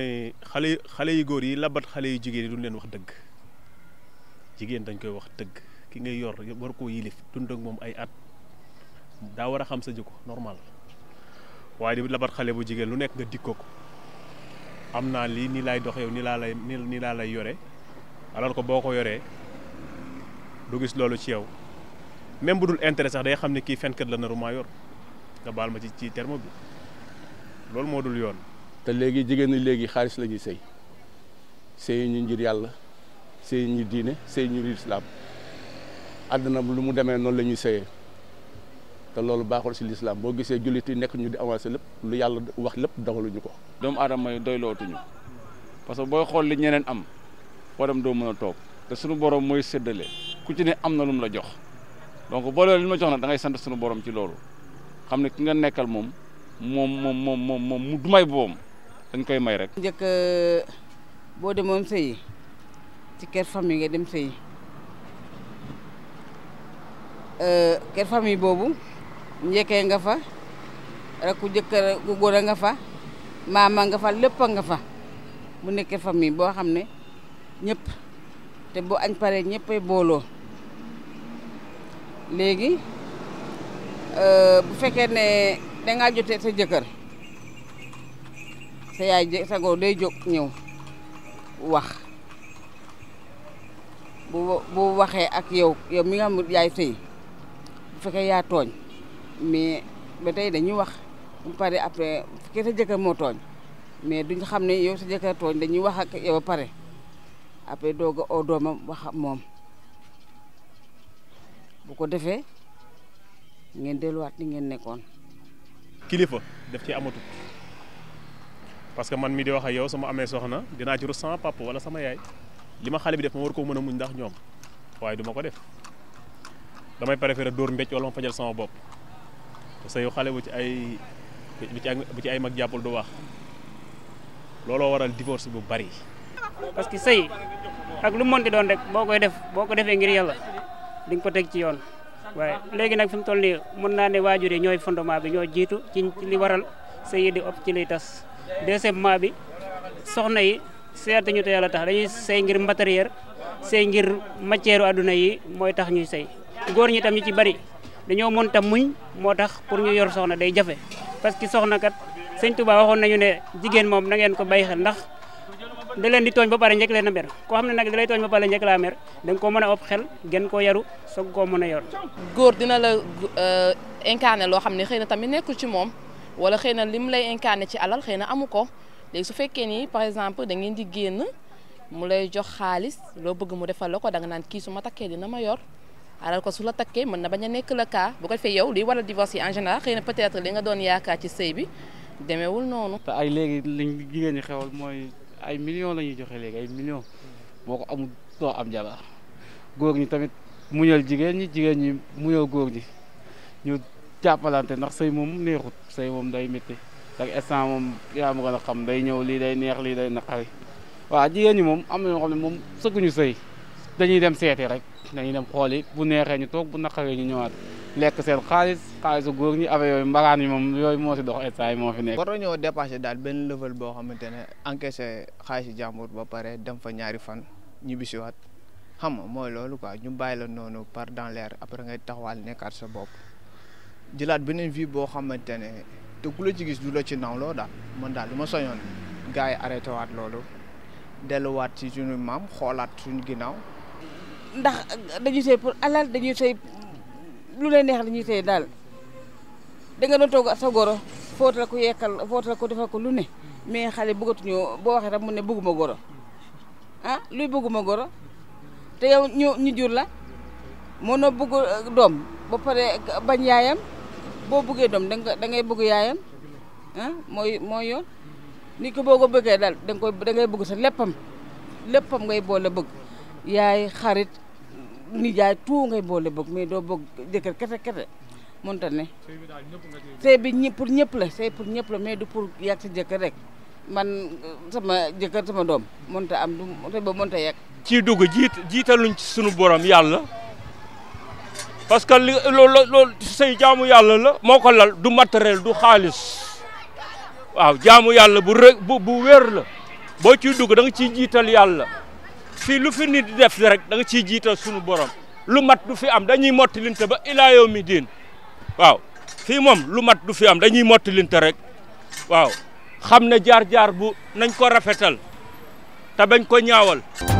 xale xale yu góor yi labat xale yu jigéen yi duñ leen wax dëgg jigéen dañ koy wax dëgg ki ngay yor war koo yilif dund ak moom ay at daa war a xam sa jikko normal waaye di labat xale bu jigéen lu nekk nga dikkoo ko am naa lii nii laay doxee nii laa lay nii laa lay yore alors ko boo ko yoree du gis loolu ci yow même bu dul intérêt sax day xam ne kii fenkat la naru maa yor nga baal ma ci ci terme bi loolu moo dul yoon. te léegi jigéen léegi xaalis la ñuy sëy sëy ñu ngir yàlla sëy ñu diine sëy ñu lislaam àddina lu mu demee noonu la ñuy sëyee te loolu baaxul si lislaam boo gisee jullit yi nekk ñu di avancé lépp lu yàlla wax lépp dogaluñu ko. doomu aadama yi doy lootuñu parce que booy xool li ñeneen am foo dem doo mën a toog te sunu borom mooy séddale ku ci ne am na lu mu la jox donc boo loolu li ma jox nag da sant sunu borom ci loolu xam ne ki nga nekkal moom moom moom moom moom mu dumay boobam. dañ koy may rek. njëkk euh, boo demoon sëyi ci kër famille nga dem sëyi euh, kër famille boobu njëkkee nga fa rek ku jëkkër ku góor a nga fa maama nga fa lépp a nga fa mu nekk kër famille boo xam ne ñëpp te bu añ paree ñëppay booloo léegi euh, bu fekkee ne dangaa jotee sa jëkkër. sa yaay sagoo day jóg ñëw wax bu bu waxee ak yow yow mi nga xam yaay sëy bu fekkee yaa tooñ mais ba tey dañuy wax bu pare après bu fekkee sa jëkkër moo tooñ xam ne yow dañuy wax ak ba pare après doog a moom bu ko defee ngeen delluwaat ni ngeen nekkoon. kilifa daf ci amatul. parce que man mi di wax ak yow sama amee soxna dinaa ci rus sama papa wala sama yaay li ma xale bi def ma war koo mën a muñ ndax ñoom waaye du ko def damay préféré dóor mbécc wala ma fajal sama bopp parce que xale bu ci ay bu ci ay mag jàppul du wax looloo waral divorce bu bari. parce que say ak lu mënti doon rek boo koy def boo ko defee ngir yàlla di nga ko teg ci yoon waaye léegi nag fi mu toll nii mën naa ne waajur yi ñooy fondement bi ñoo jiitu ci li waral sëy ëpp ci liy tas. deuxièmement bi soxna yi seeta ñu te yàlla tax dañuy sey ngir matériel sey ngir matière adduna yi mooy tax ñuy sey góor ñi tam ñu ci bari dañoo mën tam muñ moo tax pour ñu yor soxna day jafe parce que soxna kat sëñ Touba waxoon nañu ne jigéen moom na ngeen ko bàyyi xel ndax da leen di tooñ ba pare njëkk leen a mer koo xam ne nag da lay tooñ ba pare njëkk laa koo mën a ëpp xel gën koo yaru soog koo mën a yor. góor dina la euh, incarné loo xam ne xëy na tamit nekkul ci moom. wala xëy na li mu lay incarné ci alal xëy na amu ko léegi su fekkee nii par exemple da ngeen di génn mu lay jox xaalis loo bëgg mu defal la ko da nga naan kii su ma takkee dina ma yor alal ko su la takkee mën na bañ a nekk le cas bu ko defee yow liy waral divorce yi en général xëy na peut-être li nga doon yaakaar ci sëy bi demeewul noonu. ay léegi liñ jigéen ñi xewal mooy ay millions la ñuy joxe léegi ay boo ko amul doo am jabar góor ñi tamit muñal jigéen ñi jigéen ñi muñal góor ñi jàppalante ndax sëy moom neexut sëy moom day métti ndax instant moom yaa ma gën a xam day ñëw lii day neex lii day naqari waaw jigéen ñi moom am na ñoo xam ne moom sëgguñu sëy dañuy dem seeti rek dañuy dem xooli bu neexee ñu toog bu naqaree ñu ñëwaat lekk seen xaalis xaalisu góor ñi avec yooyu mbaraan yi moom yooyu moo si dox instant yi moo fi nekk. war nañoo dépassé daal benn level boo xamante ne encaissé xaalisu jàmbur ba pare dem fa ñaari fan ñibbisiwaat xam nga mooy loolu quoi ñu bàyyi la noonu par dans l'air après ngay taxawal nekkaat sa bopp. jëlaat beneen vie boo xamante ne te ku la ci gis du la ci nawloo daal man daal lu ma soñoon gars yi arrêté waat loolu delluwaat ci suñu maam xoolaat suñu naaw ndax dañuy sëy pour alal dañuy sëy lu lay neex dañuy sëy daal da nga doon toog sa goro footal ko yekkal footal ko defal ko lu ne mais xale bëggatuñoo boo waxee rek mu ne bëgguma goro ah luy bëgguma goro te yow ñu ñu jur la mënoo bëgg doom ba pare bañ yaayam. boo bëggee doom danga da ngay bëgg yaayam ah, mooy mooy yoon nit ko boo ko bëggee daal da nga koy bëgg sa léppam léppam ngay boole bëgg yaay xarit nijaay tout ngay boole bëgg mais doo bëgg jëkkër kete kete mënta ne sëy bi ñëpp ñëpp la sëy pour ñëpp la mais du pour yàgg sa jëkkër rek man sama jëkkër sama doom mënta am du te ba mënta yàgg ci dugg jiit jiitaluñ ci sunu borom yàlla parce que li loolu loolu say jaamu yàlla la moo ko la du matériel du xaalis waaw jaamu yàlla bu rë bu bu wér la boo ci dugg danga nga ciy jiital yàlla fii lu fi nit def rek danga nga ciy jiital sunu borom lu mat du fi am dañuy mottilinte ba ilaa yow mi moom lu mat du fi am dañuy mottilinte rek waaw xam ne jaar-jaar bu nañ ko rafetal te bañ ko ñaawal